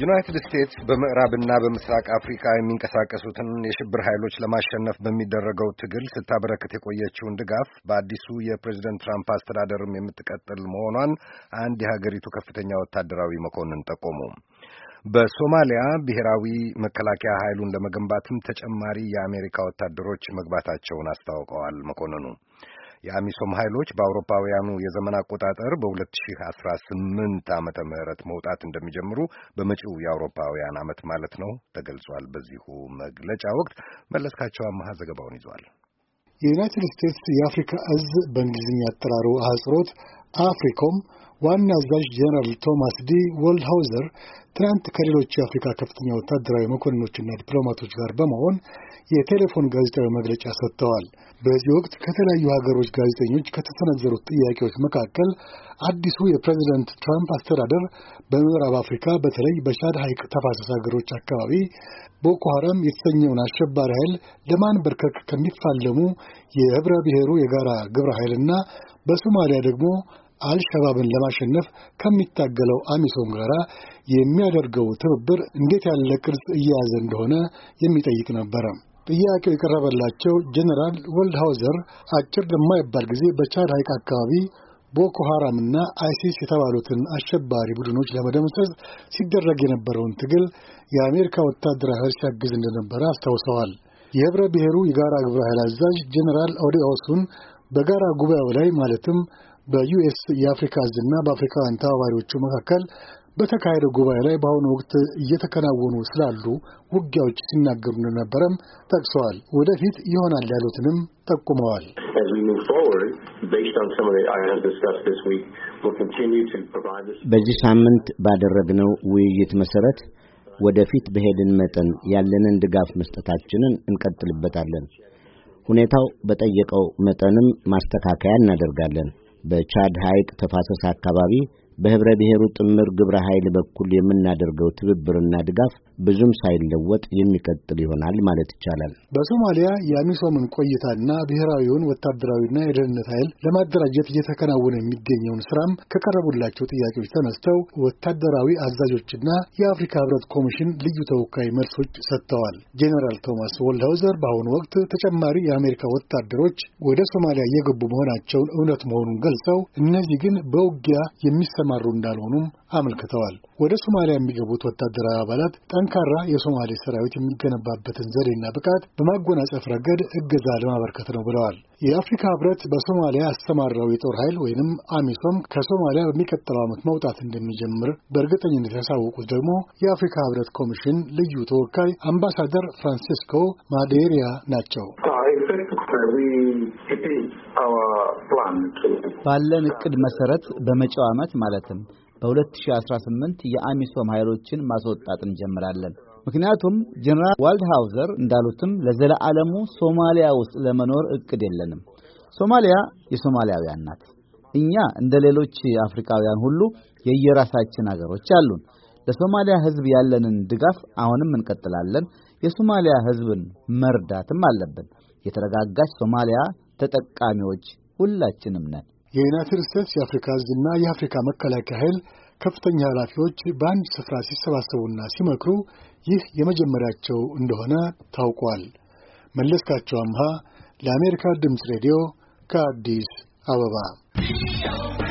ዩናይትድ ስቴትስ በምዕራብና በምስራቅ አፍሪካ የሚንቀሳቀሱትን የሽብር ኃይሎች ለማሸነፍ በሚደረገው ትግል ስታበረክት የቆየችውን ድጋፍ በአዲሱ የፕሬዚደንት ትራምፕ አስተዳደርም የምትቀጥል መሆኗን አንድ የሀገሪቱ ከፍተኛ ወታደራዊ መኮንን ጠቆሙ። በሶማሊያ ብሔራዊ መከላከያ ኃይሉን ለመገንባትም ተጨማሪ የአሜሪካ ወታደሮች መግባታቸውን አስታውቀዋል መኮንኑ። የአሚሶም ኃይሎች በአውሮፓውያኑ የዘመን አቆጣጠር በ2018 ዓመተ ምህረት መውጣት እንደሚጀምሩ በመጪው የአውሮፓውያን ዓመት ማለት ነው ተገልጿል። በዚሁ መግለጫ ወቅት መለስካቸው አመሃ ዘገባውን ይዟል። የዩናይትድ ስቴትስ የአፍሪካ እዝ በእንግሊዝኛ አጠራሩ አህጽሮት አፍሪኮም ዋና አዛዥ ጀነራል ቶማስ ዲ ወልድሃውዘር ትናንት ከሌሎች የአፍሪካ ከፍተኛ ወታደራዊ መኮንኖችና ዲፕሎማቶች ጋር በመሆን የቴሌፎን ጋዜጣዊ መግለጫ ሰጥተዋል። በዚህ ወቅት ከተለያዩ ሀገሮች ጋዜጠኞች ከተሰነዘሩት ጥያቄዎች መካከል አዲሱ የፕሬዚደንት ትራምፕ አስተዳደር በምዕራብ አፍሪካ በተለይ በቻድ ሐይቅ ተፋሰስ ሀገሮች አካባቢ ቦኮ ሐራም የተሰኘውን አሸባሪ ኃይል ለማንበርከክ ከሚፋለሙ የህብረ ብሔሩ የጋራ ግብረ ኃይልና በሶማሊያ ደግሞ አልሸባብን ለማሸነፍ ከሚታገለው አሚሶም ጋር የሚያደርገው ትብብር እንዴት ያለ ቅርጽ እየያዘ እንደሆነ የሚጠይቅ ነበረ። ጥያቄው የቀረበላቸው ጀኔራል ወልድሃውዘር አጭር ለማይባል ጊዜ በቻድ ሐይቅ አካባቢ ቦኮ ና አይሲስ የተባሉትን አሸባሪ ቡድኖች ለመደምሰስ ሲደረግ የነበረውን ትግል የአሜሪካ ወታደራዊ ኃይል ሲያግዝ እንደነበረ አስታውሰዋል። የህብረ ብሔሩ የጋራ ግብረ ኃይል አዛዥ ጀኔራል ኦዲኦሱን በጋራ ጉባኤው ላይ ማለትም በዩኤስ የአፍሪካ እዝና በአፍሪካውያን ተባባሪዎቹ መካከል በተካሄደው ጉባኤ ላይ በአሁኑ ወቅት እየተከናወኑ ስላሉ ውጊያዎች ሲናገሩ እንደነበረም ጠቅሰዋል። ወደፊት ይሆናል ያሉትንም ጠቁመዋል። በዚህ ሳምንት ባደረግነው ውይይት መሰረት ወደፊት በሄድን መጠን ያለንን ድጋፍ መስጠታችንን እንቀጥልበታለን። ሁኔታው በጠየቀው መጠንም ማስተካከያ እናደርጋለን። በቻድ ሐይቅ ተፋሰስ አካባቢ በህብረ ብሔሩ ጥምር ግብረ ኃይል በኩል የምናደርገው ትብብርና ድጋፍ ብዙም ሳይለወጥ የሚቀጥል ይሆናል ማለት ይቻላል። በሶማሊያ የአሚሶምን ቆይታና ብሔራዊውን ወታደራዊና የደህንነት ኃይል ለማደራጀት እየተከናወነ የሚገኘውን ስራም ከቀረቡላቸው ጥያቄዎች ተነስተው ወታደራዊ አዛዦችና የአፍሪካ ህብረት ኮሚሽን ልዩ ተወካይ መልሶች ሰጥተዋል። ጄኔራል ቶማስ ወልድሃውዘር በአሁኑ ወቅት ተጨማሪ የአሜሪካ ወታደሮች ወደ ሶማሊያ እየገቡ መሆናቸውን እውነት መሆኑን ገልጸው እነዚህ ግን በውጊያ የሚሰማሩ እንዳልሆኑም አመልክተዋል። ወደ ሶማሊያ የሚገቡት ወታደራዊ አባላት ጠንካራ የሶማሌ ሰራዊት የሚገነባበትን ዘዴና ብቃት በማጎናጸፍ ረገድ እገዛ ለማበርከት ነው ብለዋል። የአፍሪካ ህብረት በሶማሊያ ያስተማራው የጦር ኃይል ወይንም አሚሶም ከሶማሊያ በሚቀጥለው ዓመት መውጣት እንደሚጀምር በእርግጠኝነት ያሳወቁት ደግሞ የአፍሪካ ህብረት ኮሚሽን ልዩ ተወካይ አምባሳደር ፍራንሲስኮ ማዴሪያ ናቸው። ባለን እቅድ መሰረት በመጪው ዓመት ማለትም በ2018 የአሚሶም ኃይሎችን ማስወጣት እንጀምራለን። ምክንያቱም ጀነራል ዋልድሃውዘር እንዳሉትም ለዘለዓለሙ ሶማሊያ ውስጥ ለመኖር እቅድ የለንም። ሶማሊያ የሶማሊያውያን ናት። እኛ እንደ ሌሎች አፍሪካውያን ሁሉ የየራሳችን አገሮች አሉን። ለሶማሊያ ሕዝብ ያለንን ድጋፍ አሁንም እንቀጥላለን። የሶማሊያ ሕዝብን መርዳትም አለብን። የተረጋጋች ሶማሊያ ተጠቃሚዎች ሁላችንም ነን። የዩናይትድ ስቴትስ የአፍሪካ እዝና የአፍሪካ መከላከያ ኃይል ከፍተኛ ኃላፊዎች በአንድ ስፍራ ሲሰባሰቡና ሲመክሩ ይህ የመጀመሪያቸው እንደሆነ ታውቋል። መለስካቸው አምሃ ለአሜሪካ ድምፅ ሬዲዮ ከአዲስ አበባ